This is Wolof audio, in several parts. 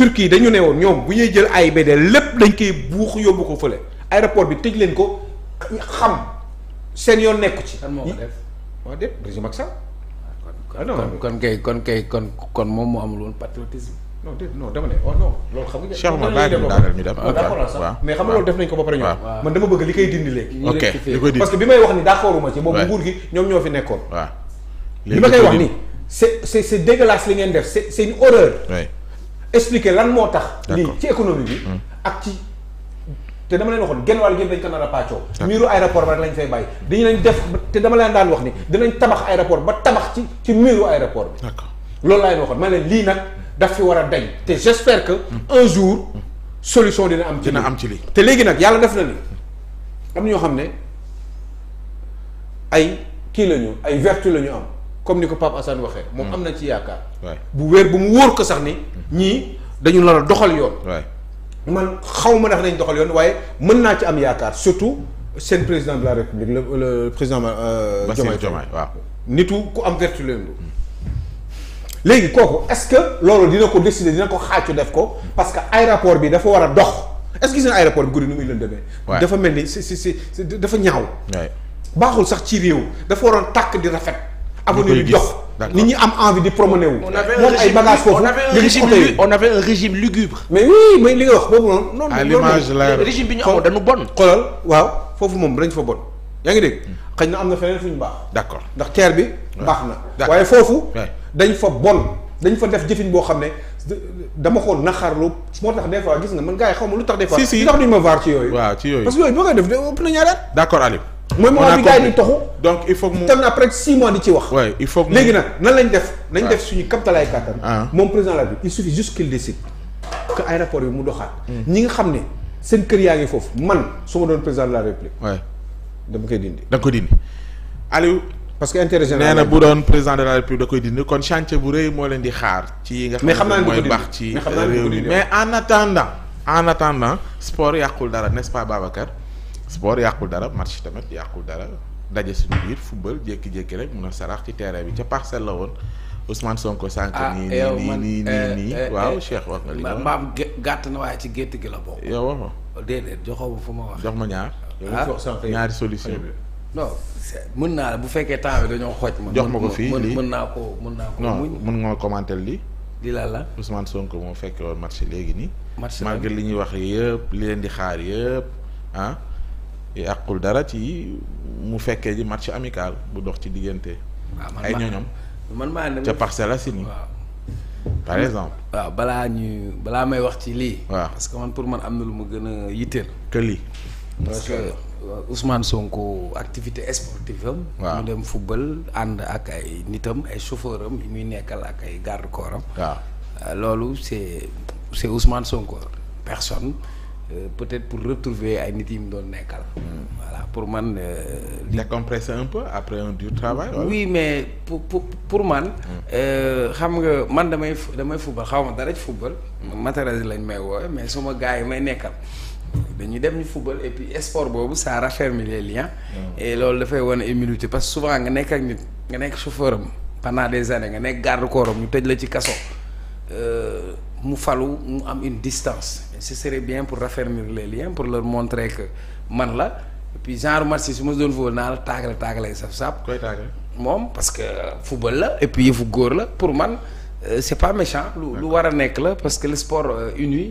Turquie dañu ne woon ñoom bu ñuy jël AIBD lépp dañ koy buux yóbbu ko fële aéroport bi tëj leen ko xam seen yoon nekku ci. kan moo ah, ah, kon kay kon kon moom moo amul woon patriotisme. non déet non dama ne oh non loolu xam ñu daaneel ñu ah, xam nga def nañ ko ba pare ñoom. man dama bëgg li koy dindi léegi. li koy dindi parce que bi may wax ni d'accorduma ci. boobu nguur gi ñoom ñoo fi nekkoon. waaw li ma koy wax ni c'est c'est c'est li ngeen def c'est c'est horreur. expliquer lan moo tax. lii ci économie bi. Hmm. ak ci te dama leen waxoon genn wàll gi dañ ko nar a pàccoo. miiru aéroport ba rek lañ fay bàyyi. dañu lañ def te dama leen daan wax ni dinañ tabax aéroport ba tabax ci ci miiru aéroport bi. loolu laa leen waxoon ma ne lii nag daf fi war a dañ te j'espère que hmm. un jour hmm. solution dina am. dina am ci lii te léegi nag yàlla def na ni am ñoo xam ne ay kii lañu ay vertu la am. comme ni ko Pape Assane waxee. moom mm. am na ci yaakaar. bu wér bu mu wóor ko sax ni. ñii dañu nar a doxal yoon. man xaw ma ndax dañ doxal yoon waaye mën naa ci am yaakaar surtout seen président de la république le le président. Euh, Bassirou Diomaye waaw nitu ku am vertu leen léegi kooku est-ce que loolu dina ko décider dina ko xaacu def ko parce que aéroport bi dafa war a dox est-ce que gis na aéroport bi guddi nu muy leen dafa mel ni si si si dafa ñaaw. baaxul sax ci réew dafa waroon takk di rafet. avenue bi dox nit ñi am envie di promener wu moom ay bagages foofu nga régime lugubre mais oui mais li nga wax boobu noonu noonu à l'image la waaw foofu moom dañ fa bon yaa na am na feneen fu ñu baax d'accord ndax terre baax na waaye foofu dañ fa bon def jëfin boo xam ne dama ko naxarlu moo tax des gis nga man gars xaw ma lu tax des fois yooyu waaw yooyu boo koy def ëpp na ñaari d'accord Aliou mooy moment bi gars yi di taxu. donc il faut que mu tam na wax. waay il faut léegi nag nan lañ def. nañ def suñu kaptalaay kàttan. Ah. moom président la bi il suffit juste qu'il décide que aéroport bi mu doxaat. Hmm. ñi nga xam ne seen kër yaa ngi foofu man su ma doon président de la république. waay dama koy dindi. da nga koy dindi Aliou. parce que intérêt général na bu doon président de la république da koy dindi kon chantier bu rëy moo leen di xaar. ci yi nga xam ne mooy baax ci euh, réew mi mais en attendant en attendant sport yàqul dara n'est-ce pas Babacar sport yàqul dara match tamit yàqul dara daje suñu biir football jékki-jékki rek mun a sarax ci terrain bi ca parcelle la woon Ousmane Sonko sànq. Ah, nii nii eh, nii nii eh, waaw eh, Cheikh wax nga li gàtt na waaye ci gétt gi la bokk. yow wax fu ma jox ma ñaar. Ah? ñaari solution non mën naa bu fekkee temps bi dañoo xooj ma. jox ma ko fii lii mën naa ko mën naa ko. non mën nga commenter lii. di la la Ousmane Sonko moo fekke woon match léegi nii. match malgré li ñuy wax yëpp li leen di xaar yëpp ah. yàqul dara ci mu fekkee ji match amical bu dox ci diggante. ay ñoñom man maa ca Parcelles Assainies par exemple. waaw balaa ñu balaa may wax ci lii. waaw parce que man pour man am na lu ma gën a yitte que lii. parce que euh, Ousmane Sonko activité sportive waa waaw mu ànd ak ay nitam ay chauffeur am muy nekkal ak ay garde euh, loolu c'est c'est Ousmane Sonko personne. Euh, peut-être pour retrouver ay nit yi mu doon nekkal. Hmm. voilà pour man. Euh, décompresser un peu après un dur travail. oui mais pour pour pour man. Hmm. Euh, xam nga man damay damay football xaw ma dara ci football. Hmm. matériel lañ may woowe mais suma gars yi may nekkal. dañuy dem ñu football et puis boobu saa raffermit les liens. loolu dafay wane humilité parce que souvent nga nekk ak nit nga nekk chauffeur am des années nga nekk garde corps am ñu tëj la ci kaso mu falu mu am une distance. ce serait bien pour raffermir les liens pour leur montrer que man la et puis genre marché su ma doon football naa la taagale taagalee saf sap koy taagale moom parce que football la et puis yëfu góor la pour man euh, c'est pas méchant lu lu war a nekk la parce que le sport euh, uni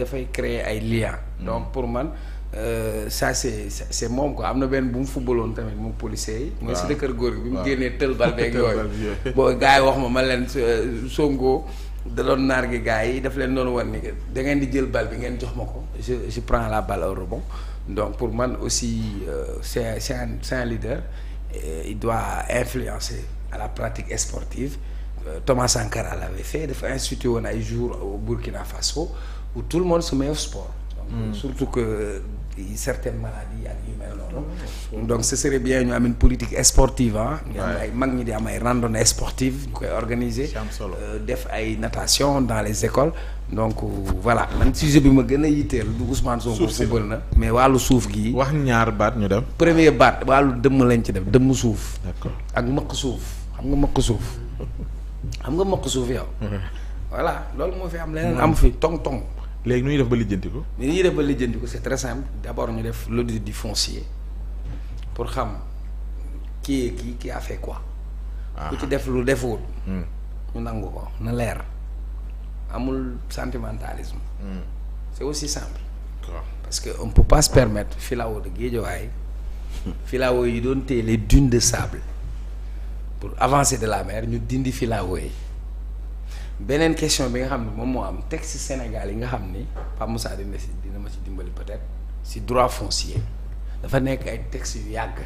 dafay créer ay liens hmm. donc pour man Euh, ça c'est c'est moom quoi am na benn bu mu footballoon tamit moom policier yi. waaw mooy si dëkkër góor gi bi mu génnee tël bal beeg yooyu. boo gars yi wax ma ma leen euh, Sonko. da doon naar gi gars yi daf leen doon wan ni da ngeen di jël bal bi ngeen jox ma ko je je prends la balle au donc pour man aussi euh, c'est c'est un c'est un leader et il influencer à la pratique sportive euh, Thomas Sankara l'avait fait dafa institué woon ay jours au Burkina Faso où tout le monde se met au sport hmm. surtout que certaines oh, donc ce serait bien ñu am politique sportive ah. am ay mag ñi di am ay randonnées sportives ñu koy organiser. Euh, def ay natation dans les écoles. donc euh, voilà man sujet bi ma gën a yitteel du Ousmane Sonko fubal na. mais wàllu suuf gi wax ñaar baat ñu dem. premier baat wàllu dëmm lañ ci def dëmm suuf. d'accord ak mëq suuf xam nga mëq suuf xam nga mëq suuf yow. voilà loolu moo fi am leneen am fi tong tong. léegi nu ñuy def ba lijjanti ko. ni ñuy def ba lijjanti ko c'est très simple d'abord ñu def l'audit di foncier pour xam qui est qui qui a fait quoi. Ah. ku ci def lu deful. Hmm. ñu nangu ko na leer amul sentimentalisme. Hmm. c'est aussi simple. parce que on peut pas se permettre filao de Guédiawaye filao yi doon téye les de sable pour avancer de la mer ñu dindi filao yi. beneen question bi nga xam ne moom moo am texte Sénégal yi nga xam ni Pape Moussa dina si dina ma si dimbali peut-être si droit foncier dafa nekk ay textes yu yàgg.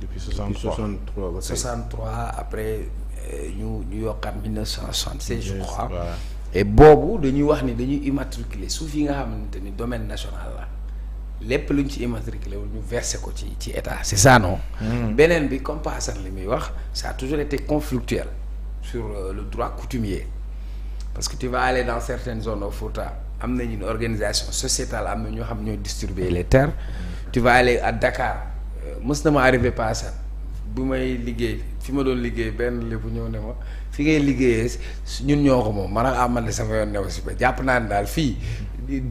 depuis 63 ba 63 après euh, ñu ñu yokkaat 1976 je crois. et boobu dañuy wax ni dañuy immatriculer suuf yi nga xamante ni domaine national la lépp luñ ci immatriculé wul ñu versé ko ci ci état c'est ça non. Hmm. beneen bi comme li muy wax ça a toujours été conflictuel. sur euh, le droit coutumier parce que tu vas aller dans certaines zones au Fouta am na une organisation sociétale am na ñoo xam ñoo distribuer les terres tu vas aller à Dakar euh, mës na ma arrivé pas bu may liggéey fi ma doon liggéey benn lébu ñëw ne ma fi ngay liggéeyee ñun ñoo ko moom man a amal sama yoon new si ba jàpp naa ne daal fii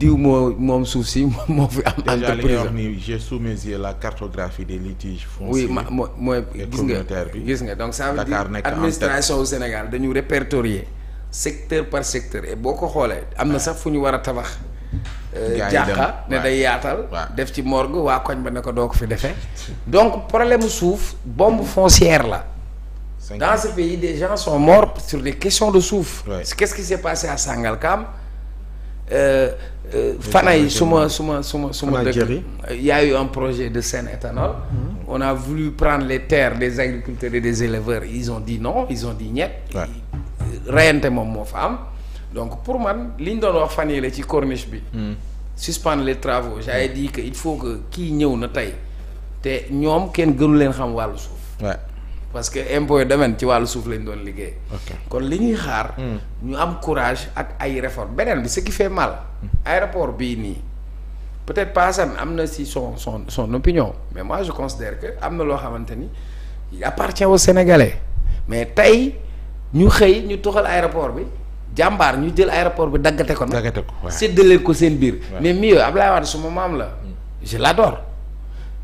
diw moo moom suuf si moo fi am entreprise wax ni j'ai sous mes la cartographie de litiges fonciers oui ma moo mooy gis nga gis nga donc ça veut dire administration au Sénégal dañu répertorier secteur par secteur et boo ko xoolee am na sax fu ñu war a tabax jàqa ne day yaatal def ci morgue waa koñ ba ne ko doo ko fi defee donc problème suuf bombe foncière la dans ce pays des gens sont morts sur des question de suuf qu'est-ce qui s'est passé à Sangalkam Fanaye su ma su ma su ma su ma dëkk y a eu un projet de Sénéthanol mm-hmm. on a voulu prendre les terres des agriculteurs et des éleveurs ils ont dit non ils ont dit ñett reyante moom moo fa am donc pour man li ñu doon wax fan yii la ci corniche bi. Hmm. suspendre les travaux j'avais dit que il faut que kii ñëw na tey te ñoom kenn gënu leen xam wàllu suuf. parce que impôt domaine ci wàllu suuf lañ doon liggéey. kon li ñuy xaar. Hmm. ñu am courage ak ay réformes beneen bi ce qui fait mal. Hmm. aéroport bii nii peut-être Passane am na si son son son opinion mais moi je considère que am na loo xamante ni il appartient aux Sénégalais mais tey ñu xëy ñu toxal aéroport bi. jàmbaar ñu jël aéroport bi daggate ko nag. daggate ko waaw séddale ko seen biir. mais mieux Ablaye Wade suma maam la. Mm. je l'adore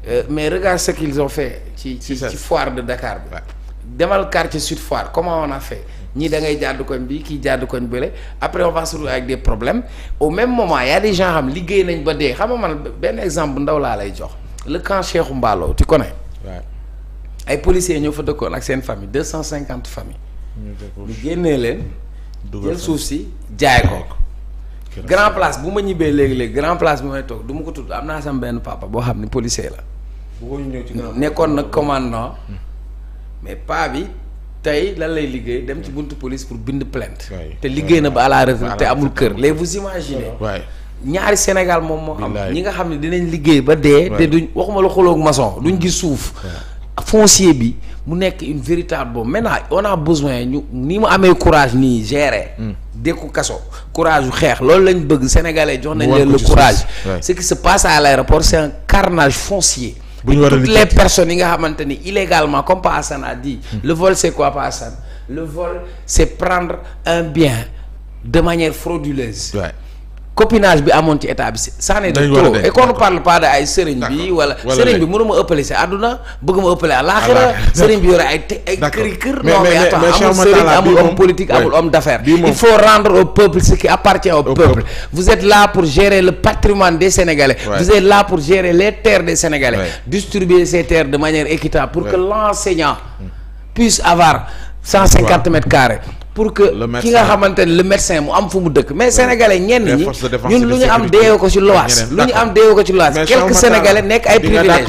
euh, mais regarde ce qu'ils ont fait. ci ci ci de Dakar bi. demal quartier sud foire comment on a fait ñii dangay ngay koñ bi kii jàddu koñ bële après on va se retrouver des problèmes au même moment y a des gens xam liggéey nañ ba dee xam nga man benn exemple bu ndaw laa lay jox le camp Cheikhou Mballo tu connais. waaw ay policiers ñoo fa dëkkoon ak seen famille deux cent cinquante familles. leen. jël suuf si jaay ko. grand place bu ma ñibbee léegi-léegi grand place bi may toog du ma ko tudd am naa sama papa boo xam ne policier la. bëggoo ñu nekkoon nag commandement hmm. mais paa bi tey lan lay liggéey dem ci hmm. buntu police pour bind plainte. te liggéey na ba à la hmm. te amul kër. bu vous imaginez. ñaari Sénégal moom moo am. ñi nga xam ne dinañ liggéey ba dee. te duñ waxuma la xulóog maçon duñ gis suuf. foncier bi. mu nekk une véritable boobu maintenant on a besoin ñu ni mu amee courage nii gérer. Hmm. dékku kaso courage bu xeex loolu lañ bëgg sénégalais jox nañ leen le courage ce qui se passe à l'aéroport c'est un carnage foncier et toutes les personnes yi nga xamante ni illégalement comme Pa Assane a dit hmm. le vol c'est quoi Pa Assane le vol c'est prendre un bien de manière frauduleuse copinage bi amoon ci état bi ça n'est de trop et qu'on ne parle pas ay sëriñ bi wala sëriñ bi mënuma ëppale si àdduna bëgg ma ëppale àllaaxira sëriñ bi yore ay te ay këri kër non mais attends amul sëriñ amul homme politique amul homme d'affaires il faut rendre au peuple ce qui appartient au peuple vous êtes là pour gérer le patrimoine des Sénégalais vous êtes là pour gérer les terres des Sénégalais distribuer ces terres de manière équitable pour que l'enseignant mm. puisse avoir cent cinquante pour que ki nga xamante ne le médecin mu am fu mu dëkk mais sénégalais ñenn ñi ñun lu ñu am deewee ko ci loas lu ñu am deewee ko ci loas quelques sénégalais nekk ay privilèges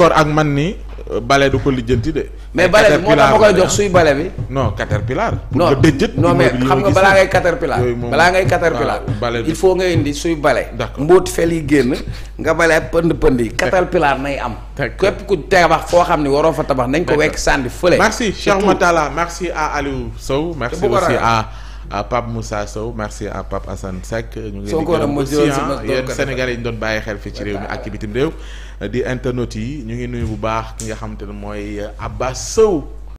mais bale bi moo tax ma koy jox suy bale bi. non caterpillar. pour nga dëjët non mais xam nga balaa ngay ah, caterpillar. balaa ngay caterpillar. il faut nga indi suy bale. mbóot fel yi génn nga bale pënd pënd yi. caterpillar nay am. képp ku tabax foo xam ne waroo fa tabax nañ ko wekk sànni fële. merci Cheikh Matala merci à Aliou Sow. merci aussi à. à Pape Moussa Sow merci à Pape Assane Seck. ñu ngi leen di gërëm ah, yéen Sénégalais yi ñu doon bàyyi xel fii ci réew mi ak bitim réew. di internautes yi ñu ngi nuyu bu baax ki nga xam ne mooy Abba Sow.